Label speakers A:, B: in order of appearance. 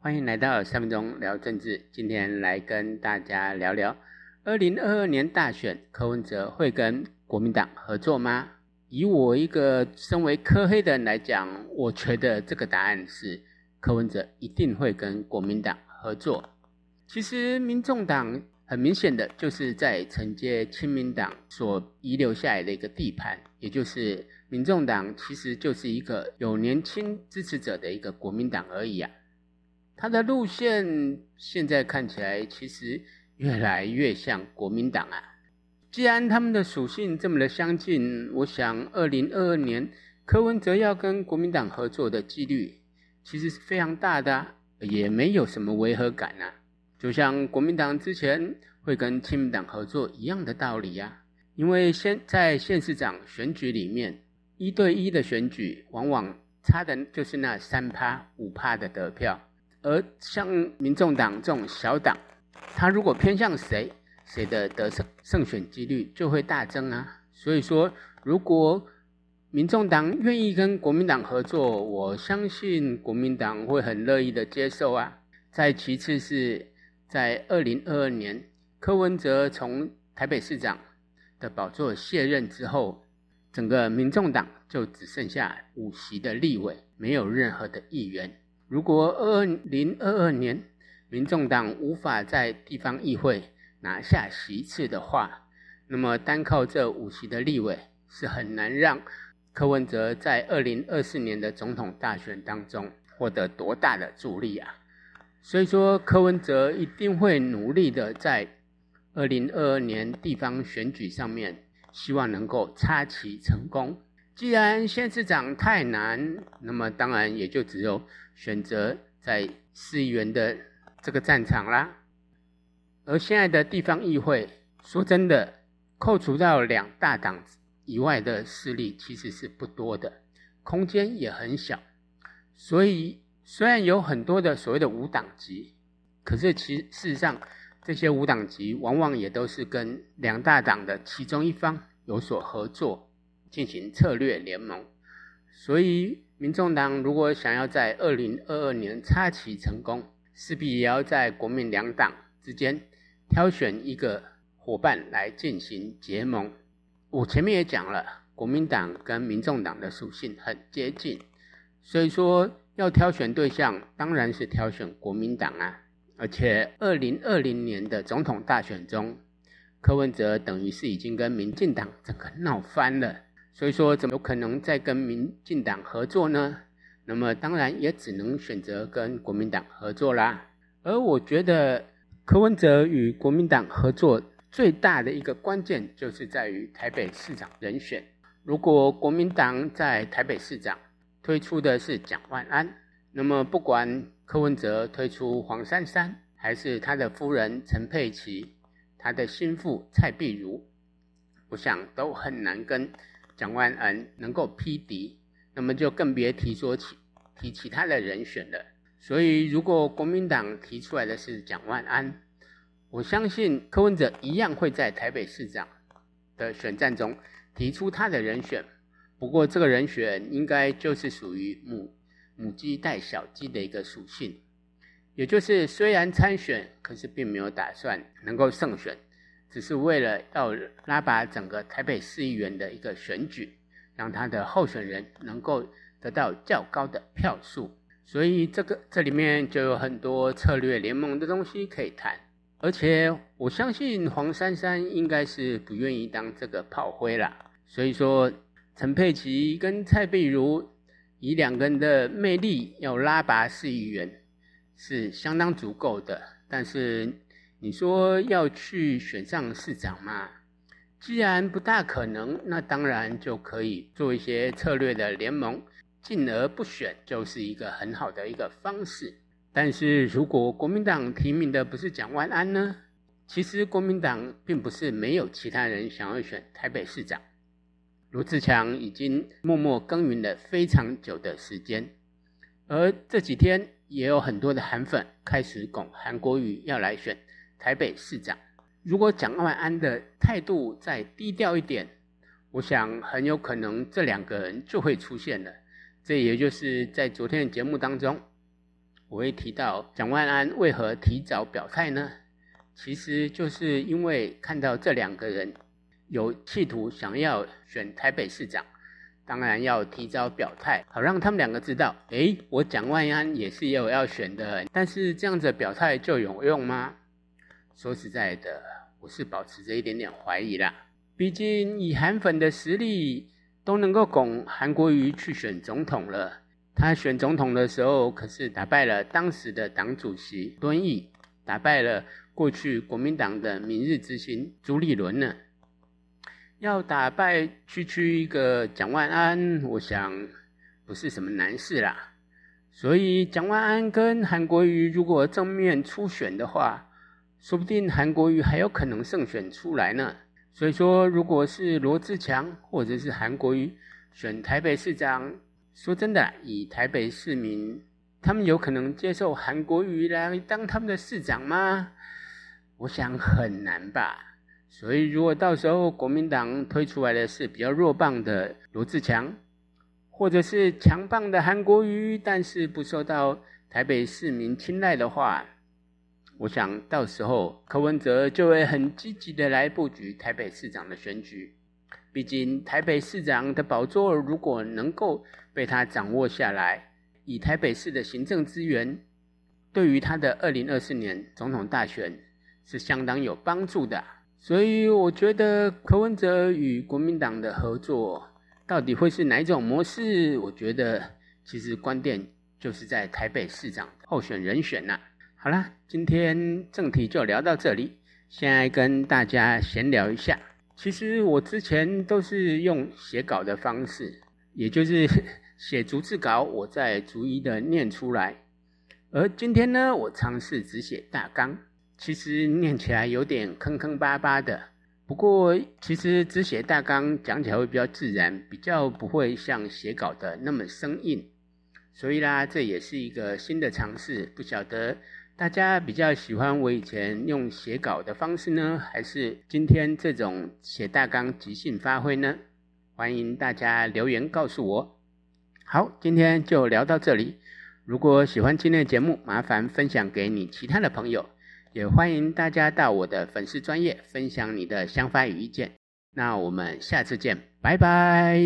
A: 歡迎來到三分鐘聊政治。今天來跟大家聊聊二零二二年大選，柯文哲會跟國民黨合作嗎？以我一個身為柯黑的人來講，我覺得這個答案是柯文哲一定會跟國民黨合作。其實民眾黨很明顯的就是在承接親民黨所遺留下來的一個地盤，也就是民眾黨其實就是一個有年輕支持者的一個國民黨而已啊。他的路線現在看起來其實越來越像國民黨啊！既然他們的屬性這麼的相近，我想二零二二年柯文哲要跟國民黨合作的幾率其實是非常大的啊，也沒有什麼違和感啊！就像國民黨之前會跟親民黨合作一樣的道理呀啊。因為現在縣市長選舉裡面，一對一的選舉往往差的就是那三趴、五趴的得票。而像民眾黨這種小黨，他如果偏向誰，誰的得勝勝選幾率就會大增啊。所以說，如果民眾黨願意跟國民黨合作，我相信國民黨會很樂意的接受啊。再其次是，在二零二二年柯文哲從台北市長的寶座卸任之後，整個民眾黨就只剩下五席的立委，沒有任何的議員。如果二零二二年民眾黨無法在地方議會拿下席次的話，那麼單靠這五席的立委是很難讓柯文哲在二零二四年的總統大選當中獲得多大的助力啊！所以說，柯文哲一定會努力的在二零二二年地方選舉上面，希望能夠插旗成功。既然縣市長太難，那麼當然也就只有選擇在市議員的這個戰場啦。而現在的地方議會，說真的，扣除掉兩大黨以外的勢力，其實是不多的，空間也很小。所以雖然有很多的所謂的無黨籍，可是其實事實上，這些無黨籍往往也都是跟兩大黨的其中一方有所合作，進行策略聯盟，所以民眾黨如果想要在二零二二年插旗成功，勢必也要在國民兩黨之間挑選一個夥伴來進行結盟。我前面也講了，國民黨跟民眾黨的屬性很接近，所以說要挑選對象，當然是挑選國民黨啊。而且二零二零年的總統大選中，柯文哲等於是已經跟民進黨整個鬧翻了。所以說，怎麼有可能再跟民進黨合作呢？那麼當然也只能選擇跟國民黨合作啦。而我覺得柯文哲與國民黨合作最大的一個關鍵，就是在於台北市長人選。如果國民黨在台北市長推出的是蔣萬安，那麼不管柯文哲推出黃珊珊，還是他的夫人陳佩琪，他的心腹蔡壁如，我想都很難跟蔣萬安能夠匹敵，那麼就更別提說起提其他的人選了。所以，如果國民黨提出來的是蔣萬安，我相信柯文哲一樣會在台北市長的選戰中提出他的人選。不過，這個人選應該就是屬於母母雞帶小雞的一個屬性，也就是雖然參選，可是並沒有打算能夠勝選。只是為了要拉拔整個台北市議員的一個選舉，讓他的候選人能夠得到較高的票數，所以這個這裡面就有很多策略聯盟的東西可以談。而且我相信黃珊珊應該是不願意當這個炮灰啦，所以說陳佩琪跟蔡壁如以兩個人的魅力要拉拔市議員是相當足夠的，但是。你說要去選上市長嘛？既然不大可能，那當然就可以做一些策略的聯盟，進而不選就是一個很好的一個方式。但是如果國民黨提名的不是蔣萬安呢？其實國民黨並不是沒有其他人想要選台北市長。羅智強已經默默耕耘了非常久的時間，而這幾天也有很多的韓粉開始拱韓國瑜要來選。台北市長，如果蔣萬安的態度再低調一點，我想很有可能這兩個人就會出現了。這也就是在昨天的節目當中，我會提到蔣萬安為何提早表態呢？其實就是因為看到這兩個人有企圖想要選台北市長，當然要提早表態，好讓他們兩個知道，哎，我蔣萬安也是有要，要選的。但是這樣子表態就有用嗎？說實在的，我是保持着一點點懷疑啦。畢竟以韓粉的實力，都能夠拱韓國瑜去選總統了。他選總統的時候可是打敗了當時的黨主席敦義，打敗了過去國民黨的明日之星朱立倫呢。要打敗區區一個蔣萬安，我想不是什麼難事啦。所以蔣萬安跟韓國瑜如果正面初選的話，說不定韓國瑜還有可能勝選出來呢。所以說，如果是羅志強或者是韓國瑜選台北市長，說真的，以台北市民，他們有可能接受韓國瑜來當他們的市長嗎？我想很難吧。所以，如果到時候國民黨推出來的是比較弱棒的羅志強，或者是強棒的韓國瑜，但是不受到台北市民青睞的話。我想到時候柯文哲就會很積極的來布局台北市長的選舉，畢竟台北市長的寶座如果能夠被他掌握下來，以台北市的行政資源，對於他的二零二四年總統大選是相當有幫助的。所以我覺得柯文哲與國民黨的合作到底會是哪種模式？我覺得其實關鍵就是在台北市長候選人選呢、啊。好啦，今天正題就聊到這裡。先來跟大家閒聊一下。其實我之前都是用寫稿的方式，也就是寫逐字稿，我再逐一的念出來。而今天呢，我嘗試只寫大綱，其實念起來有點坑坑巴巴的。不過，其實只寫大綱講起來會比較自然，比較不會像寫稿的那麼生硬。所以啦，這也是一個新的嘗試，不曉得，大家比較喜歡我以前用寫稿的方式呢，還是今天這種寫大綱即興發揮呢？歡迎大家留言告訴我。好，今天就聊到這裡。如果喜歡今天的節目，麻煩分享給你其他的朋友，也歡迎大家到我的粉絲專頁分享你的想法與意見。那我們下次見，拜拜。